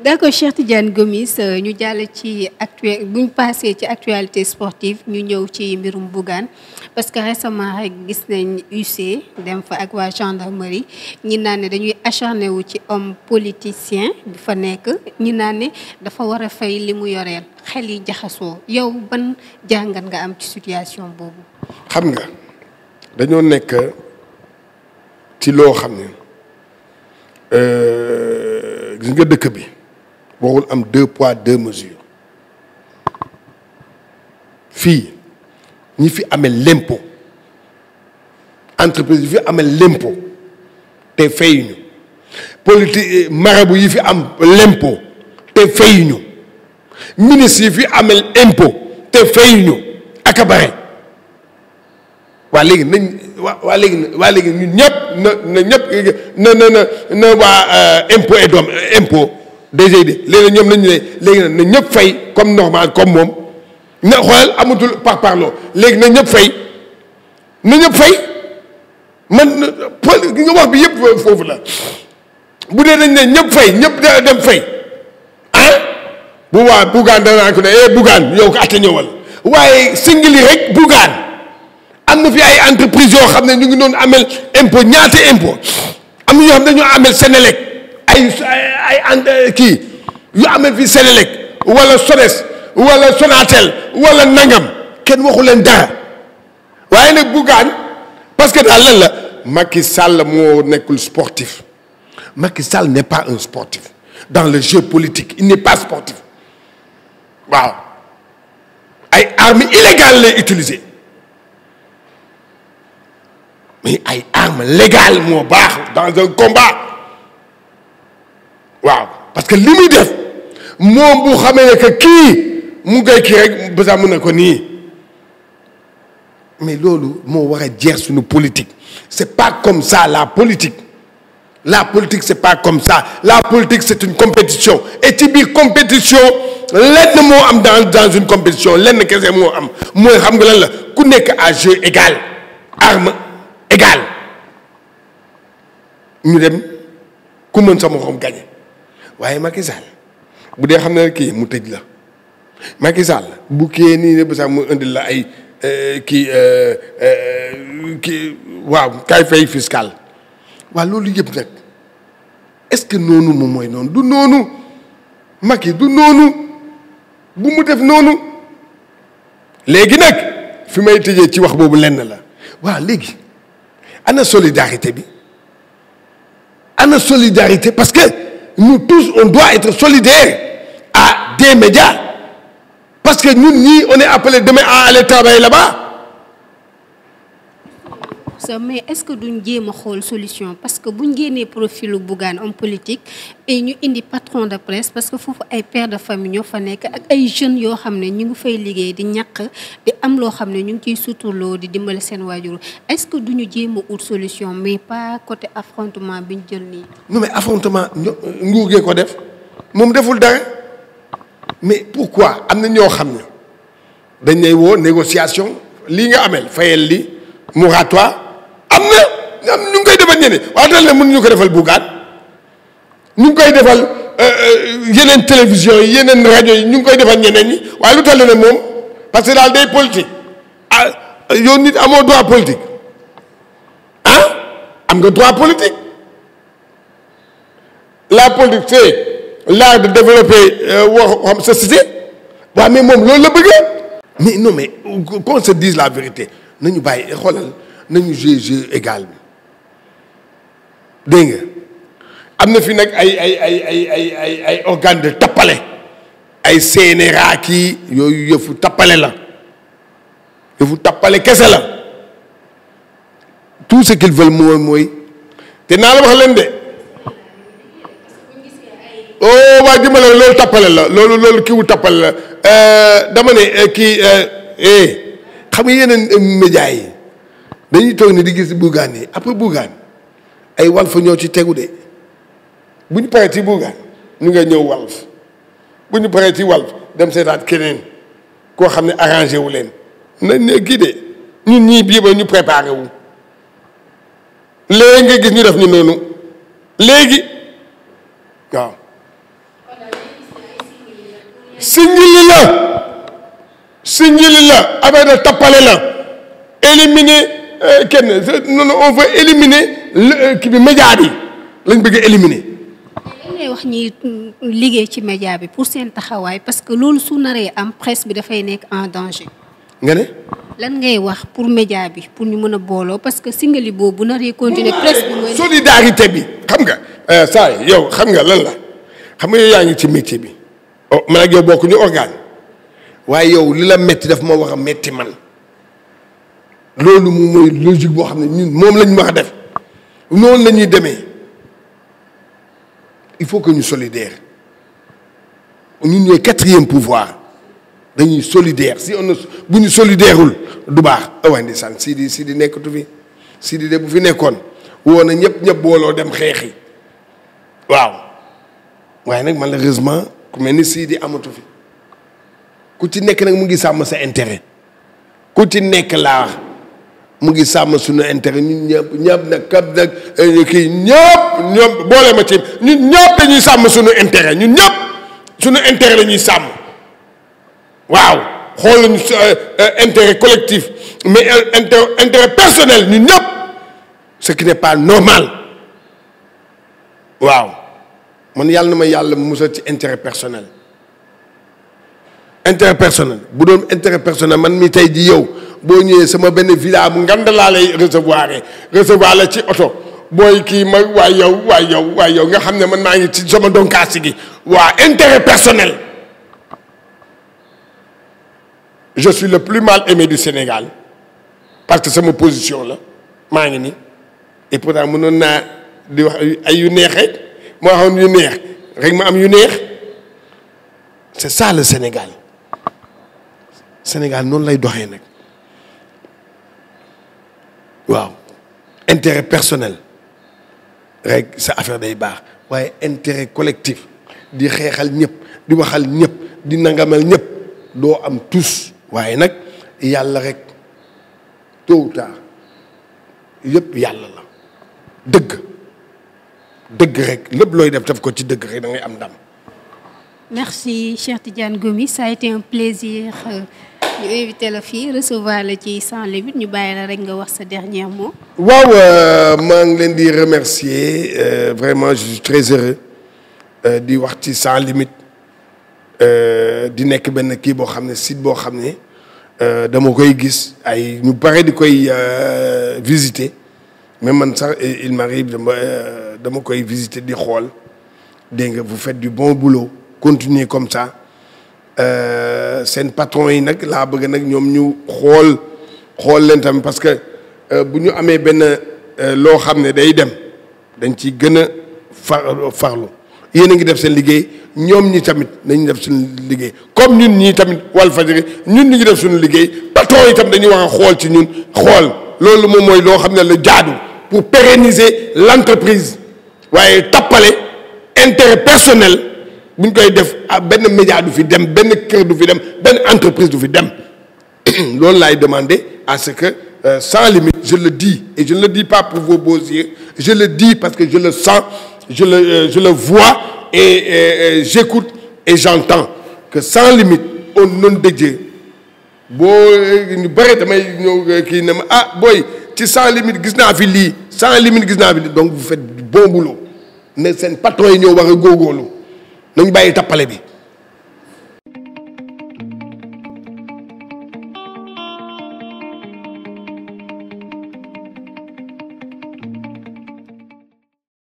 d'accord Cheikh Tidiane Gomis euh, ñu jàll ci actu bu ñu ci actualité sportive ñu ñëw ci mbirum Bougane parce que récemment rek gis nañ UC dem fa ak waa gendarmerie ñi naa ne dañuy acharné wu ci homme politicien bu fa nekk ñi naa ne dafa war a fay li mu yoreel xel yi jaxasoo yow ban jàngat nga am ci situation boobu. xam nga dañoo nekk ci loo xam ne euh, gis nga dëkk bi. warul am deux poids deux mesures fii ñi fi amee l'impôt entreprise yi fi amee l'impôt te fayuñu politique marabu yi fi am l'impôt te fayuñu ministre yi fi amee impôt te fayuñu ak a waa léegi na waa waa léegi waa léegi ñun ñëpp na na na na na na waa euh, impôt et doom impo DG de léegi ñoom nañu ne léegi na ñëpp fay comme normal comme moom na xoolal amatul par parloo léegi na ñëpp fay na ñëpp fay man pol nga wax bi yëpp foofu la dee dañ ne ñëpp fay ñëpp da dem fay ah bu waa Bougane danaa ko ne eh Bougane yow ko atte ñëwal waaye singili rek Bougane am na fi ay entreprise yoo xam ne ñu ngi doon amel impôt ñaata impôt am na ñoo xam ne dañoo amel Senelec ay ay en kii yu amee fi Sénélec walla Sones walla Sonatel walla nangam kenn waxu leen dara waaye nag buggaan parce que daal lan la Macky Sall moo nekkul sportif Macky Sall n'est pas un sportif dans le jeu politique il n'est pas sportif waaw ay armes illégales lay utiliser mais ay armes légales moo baax dans un combat que li muy def moom bu xamee ne que kii mu ngay kii rek ba mën na ko nii mais loolu moo war a jeex suñu politique c'est pas comme ça la politique la politique c'est pas comme ça la politique c'est une compétition et ci biir compétition lenn moo am dans dans une compétition lenn kese moo am mooy xam nga lan la ku nekk à jeu égal arme égale ñu dem ku mën sama xom gagné waaye Macky bu dee xam ne kii mu tëj la Macky Sall bu kii nii ne sax mu indil la ay euh, kii euh, euh, kii waaw kay fay fiscal waaw loolu yëpp nag est-ce que noonu moom mooy noonu du noonu Macky du noonu bu mu def noonu léegi nag fi may tëjee ci wax boobu lenn la waaw léegi ana solidarité bi ana solidarité parce que nous tous, on doit être solidaire à des médias. Parce que nous, ni on est appelés demain à aller travailler là-bas. mais est-ce que duñ jéem a xool solution parce que buñ génnee profilu Bougane homme politique et ñu indi patron de presse parce que foofu ay père de famille ñoo fa nekk ak ay jeunes yoo xam ne ñu ngi fay liggéey di ñàkk di am loo xam ne ñu ngi ciy suturloo di dimbali seen waajur est-ce que duñu jéem a ut solution mais pas côté affrontement ñu jël nii. non mais affrontement nguur gee ko def moom deful dara mais pourquoi am na ñoo xam ne dañ lay woo négociation am ñu ngi koy defal ñeneen waaye dal ne mën ñu ko defal bugaan ñu koy defal euh, euh, yeneen télévision yi yeneen rajo yi ñu ngi koy defal ñeneen ñi waaye lu tal ne moom parce que daal day politique ah yow nit amoo droit politique ah am nga droit politique la politique c'est l'art de développer euh, wax xam société waaw mais moom loolu la bëggee mais non mais qu'on se dise la vérité nañu bàyyi xoolal nañu jeu jeu égal bi dégg nga am na fi nag ay ay ay ay ay ay ay organe de tappale ay CNRA kii yooyu yëfu tappale la yëfu tappale kese la tout ce qu'ils veulent mooy mooy te naa la wax leen de oh waa jëmale loolu tappale la loolu loolu kiwu tappale la euh, dama ne euh, kii euh, eh xam nga yeneen médias yi dañuy toog ni di gis Bougane yi après Bougane ay Walf ñoo ci tegu de bu ñu paree ci Bougane ñu nga ñëw Walf bu ñu paree ci Walf dem seetaat keneen koo xam ne arrangé wu leen na ne kii de ñun ñii bii ba ñu préparé wu léegi nga gis ñu def ñu noonu léegi waaw singili la singili la avec de tappale la éliminer euh, kenn non non éliminer Euh, kii bi média bi lañ bëgg a éliminer. ngay wax ñi liggéey ci média bi pour seen taxawaay parce que loolu su naree am presse bi dafay nekk en danger. nga ne. lan ngay wax pour média bi pour ñu mën a booloo parce que singali boobu bu naree continuer presse bi xam nga euh, saa yow xam nga lan la xam nga yow yaa ngi ci métier bi. oh man ak yow bokkuñu organe waaye yow li la metti daf ma war a metti man loolu moom mooy logique boo xam ne ñun moom lañ wax a def. noonu la demee il faut que ñu solidaire ñun ñooy quatrième pouvoir dañuy solidaire si on bu ñu solidairewul du baax awaay ah ndeysaan si di si di nekkatu fi si di de bu fi nekkoon woo na ñëpp ñëpp booloo dem xeexi waaw waaye nag malheureusement ku mel ni sii di amatu fi ku ci nekk nag mu ngi sàmm sa intérêt ku ci nekk laa mu ngi sàmm sunu intérêt ñu ñëpp ñëpp nag kat nag kii ñëpp ñoom boole ma ci ñun ñëpp dañuy sàmm suñu intéret ñun ñëpp suñu intérêt la ñuy sàmm waaw xool nañu euh, euh, intérêt collectif mais euh, intérêt personnel ñun ñëpp ce qui n'est pas normal waaw man yàlla na ma yàlla mu musal ci intérêt personnel intérêt personnel bu doon intérêt personnel man mi tey ji yow boo ñëwee sama benn villa bu ngand laa lay recevoir recevoir la ci oto booy kii ma waay yow waay yow waay nga xam ne man maa ngi ci sama donkaasi gi waa intérêt personnel je suis le plus mal aimé du Sénégal parce que sama position la maa ngi nii et pourtant mënoon naa di wax ay yu neex rek ma waxoon yu neex rek ma am yu neex c'est ça le Sénégal Sénégal noonu lay doxee nag waaw intérêt personnel rek sa affaire day baax waaye intérêt collectif di xeexal ñëpp di waxal ñëpp di nangamal ñëpp doo am tous waaye nag yàlla rek tôt ou tard yëpp yàlla la dëgg dëgg rek lépp looy def def ko ci dëgg rek da ngay am ndam. merci Cheikh Tidiane Gomis ça a été un plaisir. Euh, ñu invité la fii recevoir la ci sans limite ñu bàyyi la rek nga wax sa dernier mot. waaw euh, maa ngi leen di remercier euh, vraiment je suis heureux euh, di wax ci sans limite euh, di nekk benn kii boo xam ne site boo xam ne dama koy gis ay ñu bare di koy visiter mais man sax il m'arrive dama dama koy visiter di xool dégg nga vous faites du bon boulot continuez comme sax Euh, seen patron yi nag laa bëgg nag ñoom ñu xool xool leen tamit parce que euh, bu ñu amee benn euh, loo xam ne day dem dañ ci gën a far farlu yéen a ngi def seen liggéey ñoom ñi tamit nañu def suñu liggéey comme ñun ñii tamit Walfadjri ñun ñu def suñu liggéey patron yi tamit dañuy wax a xool ci ñun xool loolu moom mooy loo xam ne la jaadu pour pérenniser l'entreprise waaye tappale intéret personnel bu ñu koy def ah, benn média du fi dem benn kër du fi dem benn entreprise du fi dem loolu laay demander à ce que euh, sans limite je le dis et je ne le dis pas pour vos je le dis parce que je le sens je le euh, je le vois et, et, et j'écoute et que cent limite au nom de boo euh, ñu bëri damay ñëw euh, kii ne ma ah booy ci sans limite gis naa fi lii cent limite gis naa fi lii donc vous faites bon boulot ne seen patron yi ñoo war a góorgóorlu nañ bàyyi tappale bi